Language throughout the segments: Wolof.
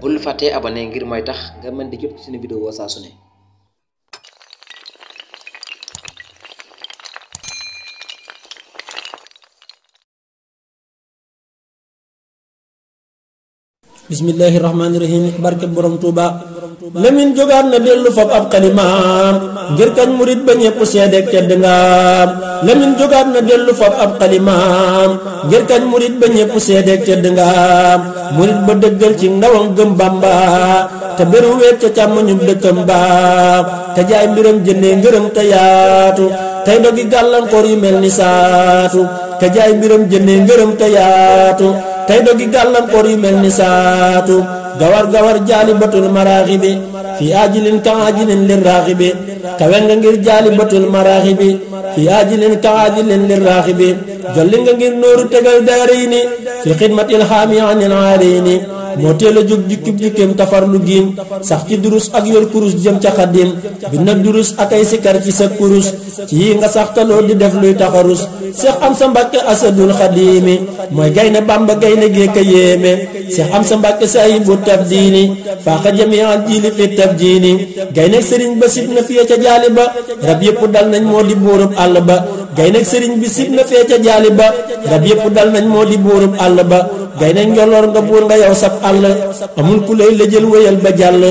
bul fàttee abonné ngir mooy tax ngar man di jot suñu vidéo saa su ne bismillahi rahmaani rahim barke borom Touba Lamine jógaat na dellu fab ab xalimaam ngir kañ murit ba ñépp seedeek tedd ngaam Lamine jógaat na dellu murit ba ñépp seedeek dëggal ci ndawam gëm Bàmba te bëru weet ca càmm ñu dëkkam baax te jaay mbiram jëndee ngërëm te yaatu tey dogi gàllankoor yu mel ni saatu te jaay mbiram jëndee ngërëm te yaatu tey dogi gàllankoor yu mel ni saatu gawar gawar jaali batul maraaxi bi fii ajilin ka ajilin li raaxi bi kawe nga ngir jaali batul maraaxi bi fii ajilin ka ajilin li raaxi bi jolli nga ngir nooru tegal daarayni fi xidmatil xaami anil aarayni moo teel a jóg jukkib jukkeem tafarlu giim sax ci durus ak yor kurus jëm ca xaddiim bi nag durus ak ay sikar ci sa kurus ci yi nga sax taloo di def luy taxarus seex am sa mbàkke asadul xadiimi mooy gaynde bàmba gaynde gee ka yéeme seex am sa mbàkke saayibu tabdiini faaxa jamiaan jiili fi tabdiini gaynde sëriñ ba sib na fiye ca jaali ba rab yépp dal nañ moo di buurub àll ba gaynde sëriñ bi sib na fiye ca jaali ba rab yépp dal nañ moo di buurub àll ba gayna njoloor nga buur nga yow sab àll amul ku lay lëjël wéyal ba jàll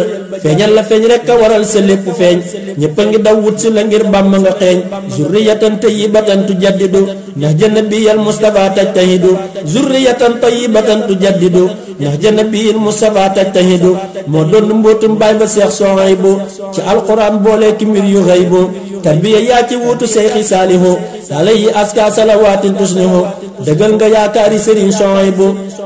feeñal la feeñ rekk a waral sa lépp feeñ ñëpp a ngi daw wut si la ngir bàmm nga xeeñ zurriyatan tayyibatan tujaddidu ndax janabiyal mustafa tajtahidu zurriyatan tayyibatan tujaddidu ndax janabiyil mustafa tajtahidu moo doon mbootum baay ba seex Sohaybu ci alquran boole ki mbir yu xaybu tarbiya yaa ci wuutu seexi saalihu alayhi aska salawaatin tusnihu dëggal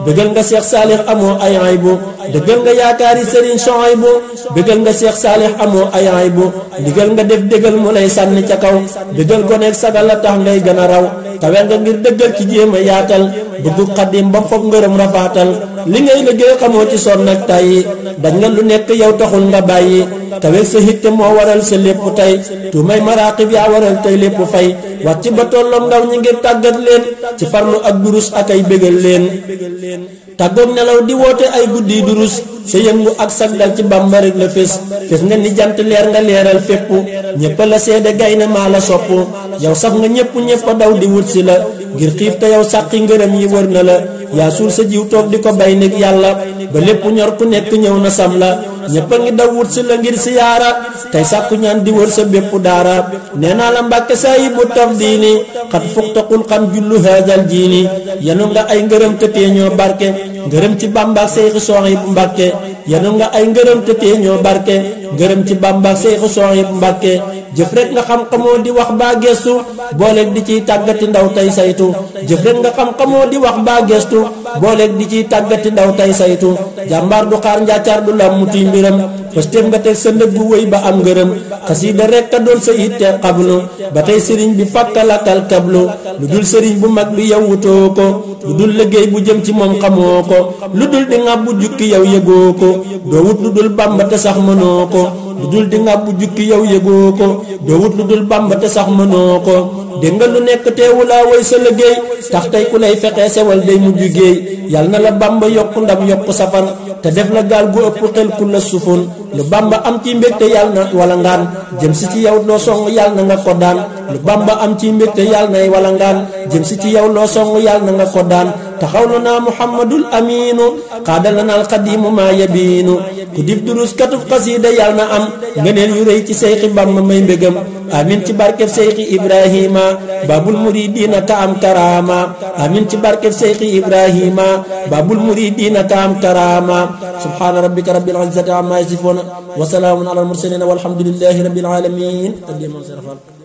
bëggal nga Cheikh Salih amoo ay aybu dëggal nga yaakaari Serigne Souhaïbou bëggal nga Cheikh Salih amoo ay aybu ndigal nga def dëggal mu lay sànni ca kaw dëggal ko nekk sagal la tax ngay gën a raw kawe nga ngir dëggal ci jéem a yaatal bëggu xaddim ba foog ngërëm rafaatal li ngay liggéey xamoo ci sonn ak tàyyi dañ nga lu nekk yow taxul nga bàyyi taweg sa hitte moo waral sa lépp tey tuumay maraqib yaa waral tey lépp fay wàcc ba tolloog ndaw ñi ngir tàggat ci farlu ak durus ak ay bégal leen tàggoog nelaw di woote ay guddi durus sa yëngu ak sag dal ci bàmba la fés fés nga ni jant leer nga leeral fépp ñépp a seede gaynde maa la sopp yow saf nga ñépp ñépp daw di wut la ngir xiif te yow sàqi ngërëm yi wër na la yaa suul sa jiw toog di ko bay neg yàlla ba lépp ñor ku nekk ñëw na sam la ñëpp a ngi daw wut si la ngir siyaara tey sàkku di wër sa bépp daara nee naa la mbàkke saa yi bu taf diini xat fuxtaqul xam jullu haasal jiini yenu nga ay ngërëm te tee ñoo barke ngërëm ci bàmbaak seyxi sox yi bu mbàkke yenu nga ay ngërëm te tee ñoo yi bu mbàkke jëf rek nga xam xamoo di wax baa gestu booleeg di ciy tàggati ndaw tey saytu jëf rek nga xam xamoo di wax baa gestu booleeg di ciy tàggati ndaw tey saytu jàmbaar du xaar njaacaar bu lam mu tuy mbiram pëstéef nga teg sa ndëgg wëy ba am ngërëm xasiida rek a doon sa itte xablu ba tey sëriñ bi fàkkalakal kablu lu dul sëriñ bu mag bi yow wutoo ko lu dul liggéey bu jëm ci moom xamoo ko lu dul di ŋàbbu jukki yow yëgoo ko doo wut lu dul bàmba te sax mënoo ko lu dul di ngàbb jukki yow yëgoo ko doo wut lu dul bàmba te sax mënoo ko dégg nga lu nekk teewulaa woy sa liggéey tax tey ku lay fexe sewal day mujj géey yal na la bàmba yokk ndam yokk safan te def la gaal gu ëpp xel ku la sufun lu bàmba am ci mbégte yal na wala ngaan jëm si ci yow loo song yal na nga ko daan lu bàmba am ci mbégte yal nay wala ngaan jëm si ci yow loo song yal na nga ko daan تخولنا محمد الأمين قاد لنا القديم ما يبين كتب دروس كتب قصيدة يالنا أم غنين يري تي سيخ بام مي بيغم آمين تي بارك سيخ إبراهيم باب المريدين تام كراما آمين تي بارك سيخ إبراهيم باب المريدين تام كراما سبحان ربك رب العزة عما يصفون وسلام على المرسلين والحمد لله رب العالمين